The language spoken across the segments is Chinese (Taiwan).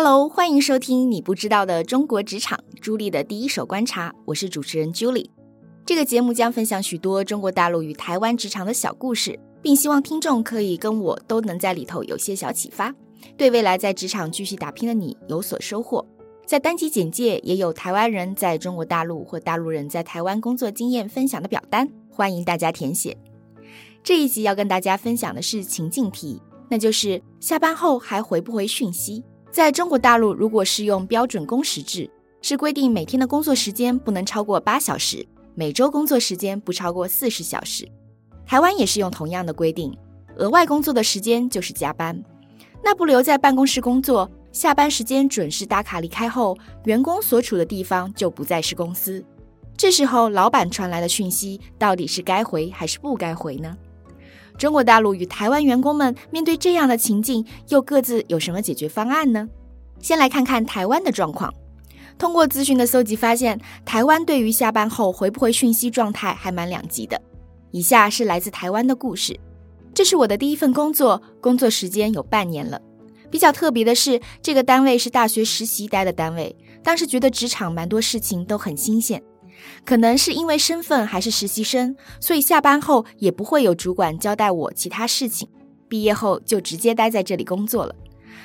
Hello，歡迎收聽你不知道的中國職場朱俐的第一手觀察，我是主持人 Julie。這個節目將分享許多中國大陸與台灣職場的小故事，並希望聽眾可以跟我都能在裡頭有些小啟發，對未來在職場繼續打拼的你有所收穫。在單集簡介也有台灣人在中國大陸或大陸人在台灣工作經驗分享的表單，歡迎大家填寫。這一集要跟大家分享的是情境題，那就是下班後還回不回訊息？在中國大陸，如果是用標準工時制，是規定每天的工作時間不能超過八小時，每周工作時間不超過四十小時。台灣也是用同樣的規定，額外工作的時間就是加班。那不留在辦公室工作，下班時間準時打卡離開後，員工所處的地方就不再是公司。這時候，老闆傳來的訊息到底是該回還是不該回呢？中國大陸與台灣員工們面對這樣的情境，又各自有什麼解決方案呢？先來看看台灣的狀況。通過資訊的搜集發現，台灣對於下班後回不回訊息狀態還蠻兩極的。以下是來自台灣的故事：這是我的第一份工作，工作時間有半年了。比較特別的是，這個單位是大學實習待的單位，當時覺得職場蠻多事情都很新鮮。可能是因為身份還是實習生，所以下班後也不會有主管交代我其他事情。畢業後就直接待在這裡工作了，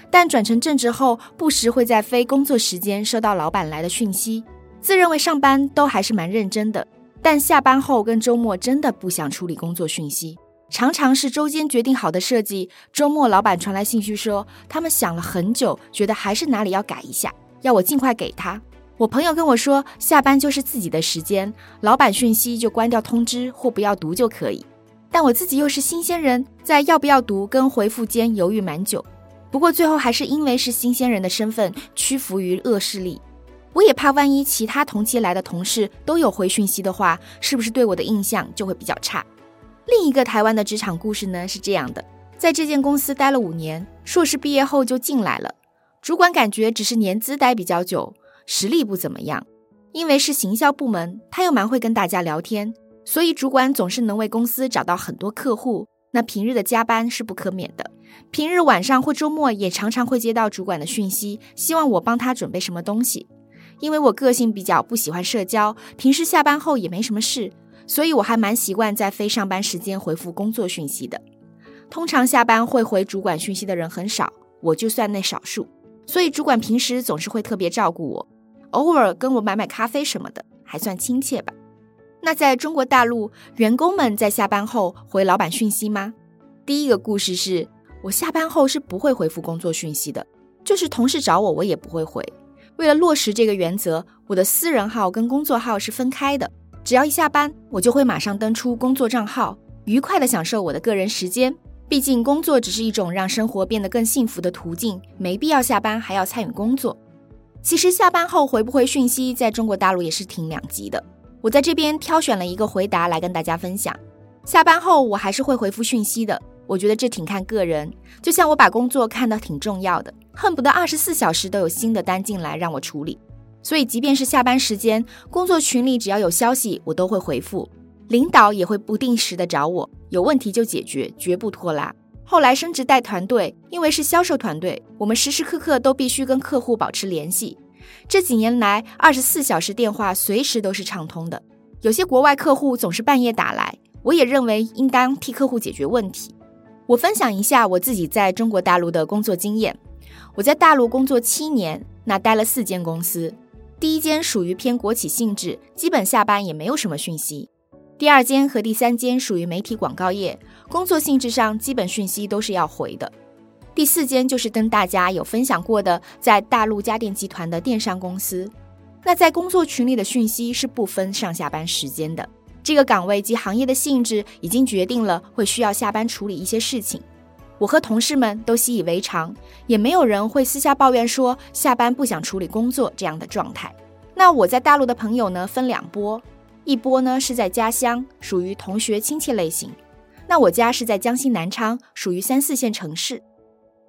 但轉成正職後，不時會在非工作時間收到老闆來的訊息。自認為上班都還是蠻認真的，但下班後跟周末真的不想處理工作訊息，常常是周間決定好的設計，周末老闆傳來信息說他們想了很久，覺得還是哪裡要改一下，要我盡快給他。我朋友跟我說，下班就是自己的時間，老闆訊息就關掉通知或不要讀就可以。但我自己又是新鮮人，在要不要讀跟回復間猶豫蠻久。不過最後還是因為是新鮮人的身份屈服於惡勢力。我也怕萬一其他同期來的同事都有回訊息的話，是不是對我的印象就會比較差？另一個台灣的職場故事呢是這樣的，在這間公司待了五年，碩士畢業後就進來了，主管感覺只是年資待比較久。實力不怎麼樣，因為是行銷部門，他又蠻會跟大家聊天，所以主管總是能為公司找到很多客戶。那平日的加班是不可免的，平日晚上或週末也常常會接到主管的訊息，希望我幫他準備什麼東西。因為我個性比較不喜歡社交，平時下班後也沒什麼事，所以我還蠻習慣在非上班時間回復工作訊息的。通常下班會回主管訊息的人很少，我就算那少數，所以主管平時總是會特別照顧我。偶爾跟我買買咖啡什麼的，還算親切吧。那在中國大陸，員工們在下班後回老板訊息嗎？第一個故事是，我下班後是不會回覆工作訊息的，就是同事找我，我也不會回。為了落實這個原則，我的私人號跟工作號是分開的。只要一下班，我就會馬上登出工作賬號，愉快地享受我的個人時間。畢竟工作只是一種讓生活變得更幸福的途徑，沒必要下班還要參與工作。其實下班後回不回訊息，在中國大陸也是挺兩極的。我在這邊挑選了一個回答來跟大家分享。下班後我還是會回復訊息的，我覺得這挺看個人。就像我把工作看得挺重要的，恨不得二十四小時都有新的單進來讓我處理。所以即便是下班時間，工作群裡只要有消息，我都會回復。領導也會不定時的找我，有問題就解決，絕不拖拉。後來升職帶團隊，因為是銷售團隊，我們時時刻刻都必須跟客戶保持聯繫。這幾年來，二十四小時電話隨時都是暢通的。有些國外客戶總是半夜打來，我也認為應當替客戶解決問題。我分享一下我自己在中國大陸的工作經驗。我在大陸工作七年，那待了四間公司。第一間屬於偏國企性質，基本下班也沒有什麼訊息。第二間和第三間屬於媒體廣告業，工作性質上基本訊息都是要回的。第四間就是跟大家有分享過的，在大陸家電集團的電商公司。那在工作群裡的訊息是不分上下班時間的。這個崗位及行業的性質已經決定了會需要下班處理一些事情。我和同事們都習以為常，也沒有人會私下抱怨說下班不想處理工作這樣的狀態。那我在大陸的朋友呢，分兩撥。一波呢是在家鄉，屬於同學親戚類型。那我家是在江西南昌，屬於三四線城市。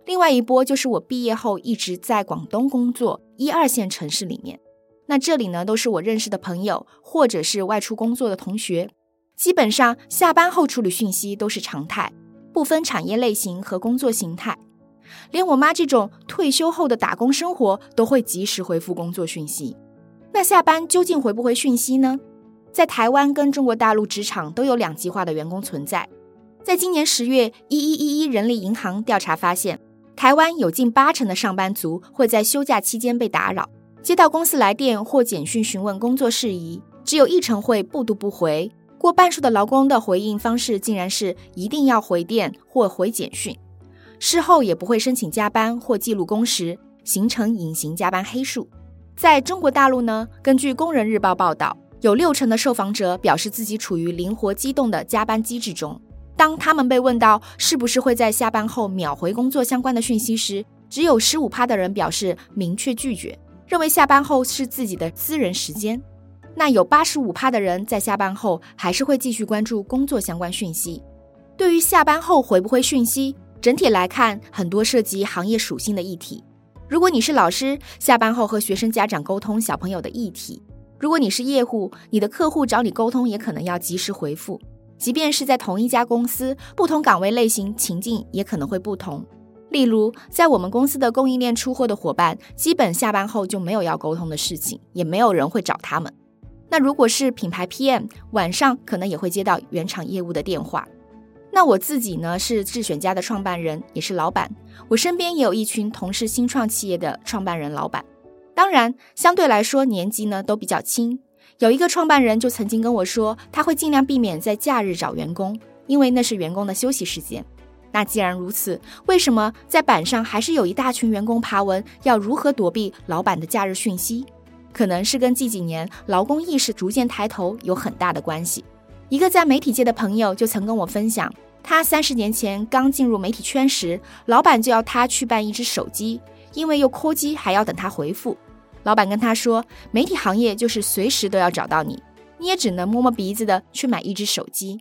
另外一波就是我畢業後一直在廣東工作，一二線城市裡面。那這裡呢都是我認識的朋友，或者是外出工作的同學。基本上下班後處理訊息都是常態，不分產業類型和工作形態。連我媽這種退休後的打工生活都會及時回復工作訊息。那下班究竟回不回訊息呢？在台灣跟中國大陸職場都有兩極化的員工存在。在今年十月，一一一一人力銀行調查發現，台灣有近八成的上班族會在休假期間被打擾，接到公司來電或簡訊詢問工作事宜，只有一成會不讀不回。過半數的勞工的回應方式竟然是一定要回電或回簡訊，事後也不會申請加班或記錄工時，形成隱形加班黑數。在中國大陸呢，根據工人日報報道，有六成的受訪者表示自己處於靈活機動的加班機制中。當他們被問到是不是會在下班後秒回工作相關的訊息時，只有十五趴的人表示明確拒絕，認為下班後是自己的私人時間。那有八十五趴的人在下班後還是會繼續關注工作相關訊息。對於下班後回不回訊息，整體來看，很多涉及行業屬性的議題。如果你是老師，下班後和學生家長溝通小朋友的議題。如果你是業務，你的客戶找你溝通，也可能要及時回復。即便是在同一家公司，不同崗位類型、情境也可能會不同。例如，在我們公司的供應鏈出貨的夥伴，基本下班後就沒有要溝通的事情，也沒有人會找他們。那如果是品牌 PM，晚上可能也會接到原廠業務的電話。那我自己呢，是智選家的創辦人，也是老闆。我身邊也有一群同是新創企業的創辦人、老闆。當然，相對來說，年紀呢都比較輕。有一個創辦人就曾經跟我說，他會盡量避免在假日找員工，因為那是員工的休息時間。那既然如此，為什麼在板上還是有一大群員工爬文，要如何躲避老板的假日訊息？可能是跟近幾年勞工意識逐漸抬頭有很大的關係。一個在媒體界的朋友就曾跟我分享，他三十年前剛進入媒體圈時，老板就要他去辦一支手機，因為又 call 機，還要等他回復。老闆跟他說：“媒體行業就是隨時都要找到你，你也只能摸摸鼻子的去買一隻手機。”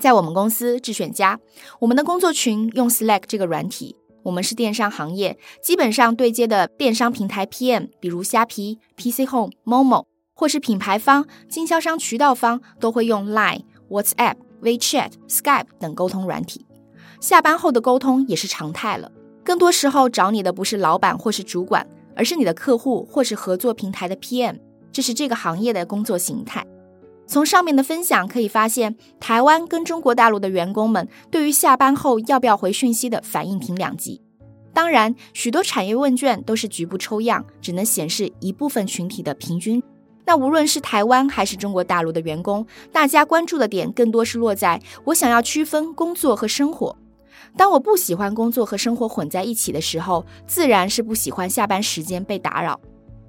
在我們公司智選家，我們的工作群用 Slack 這個軟體。我們是電商行業，基本上對接的電商平台 PM，比如蝦皮、PC Home、Momo，或是品牌方、經銷商、渠道方都會用 Line、WhatsApp、WeChat、Skype 等溝通軟體。下班後的溝通也是常態了，更多時候找你的不是老闆或是主管。而是你的客戶或是合作平台的 PM，這是這個行業的工作形態。從上面的分享可以發現，台灣跟中國大陸的員工們對於下班後要不要回訊息的反應挺兩極。當然，許多產業問卷都是局部抽樣，只能顯示一部分群體的平均。那無論是台灣還是中國大陸的員工，大家關注的點更多是落在我想要區分工作和生活。當我不喜歡工作和生活混在一起的時候，自然是不喜歡下班時間被打擾。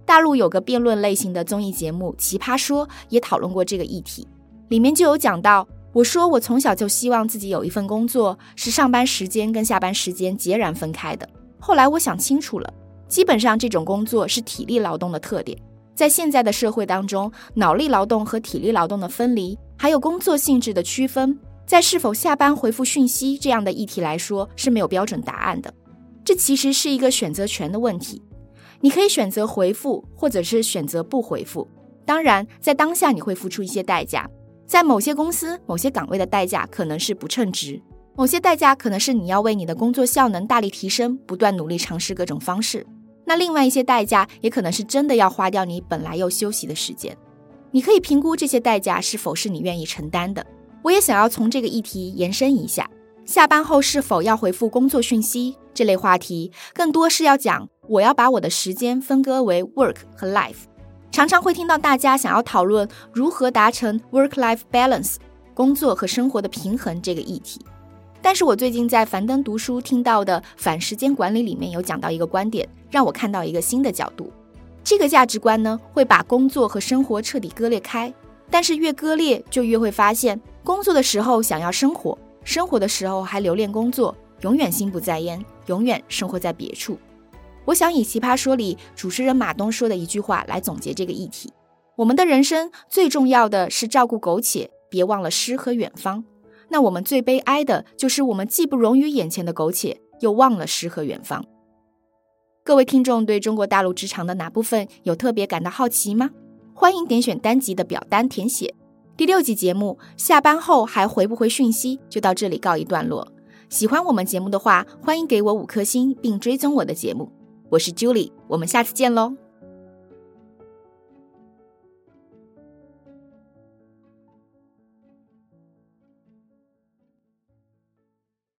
大陸有個辯論類型的綜藝節目《奇葩說》也討論過這個議題，裡面就有講到，我說我從小就希望自己有一份工作是上班時間跟下班時間截然分開的。後來我想清楚了，基本上這種工作是體力勞動的特點，在現在的社會當中，腦力勞動和體力勞動的分離，還有工作性質的區分。在是否下班回復訊息這樣的議題來說是沒有標準答案的，這其實是一個選擇權的問題。你可以選擇回復，或者是選擇不回復。當然，在當下你會付出一些代價，在某些公司、某些崗位的代價可能是不稱職，某些代價可能是你要為你的工作效能大力提升，不斷努力嘗試各種方式。那另外一些代價也可能是真的要花掉你本來要休息的時間。你可以評估這些代價是否是你願意承擔的。我也想要從這個議題延伸一下，下班後是否要回復工作訊息這類話題，更多是要講我要把我的時間分割為 work 和 life。常常會聽到大家想要討論如何達成 work-life balance，工作和生活的平衡這個議題。但是我最近在樊登讀書聽到的反時間管理裡面有講到一個觀點，讓我看到一個新的角度。這個價值觀呢，會把工作和生活徹底割裂開，但是越割裂就越會發現。工作的時候想要生活，生活的時候還留戀工作，永遠心不在焉，永遠生活在別處。我想以《奇葩說》裡主持人馬東說的一句話來總結這個議題：我們的人生最重要的是照顧苟且，別忘了詩和遠方。那我們最悲哀的就是我們既不容於眼前的苟且，又忘了詩和遠方。各位聽眾對中國大陸職場的哪部分有特別感到好奇嗎？歡迎點選單集的表單填寫。第六集節目，下班後還回不回訊息？就到這裡告一段落。喜歡我們節目的話，歡迎給我五顆星，並追蹤我的節目。我是朱俐，我們下次見嘍。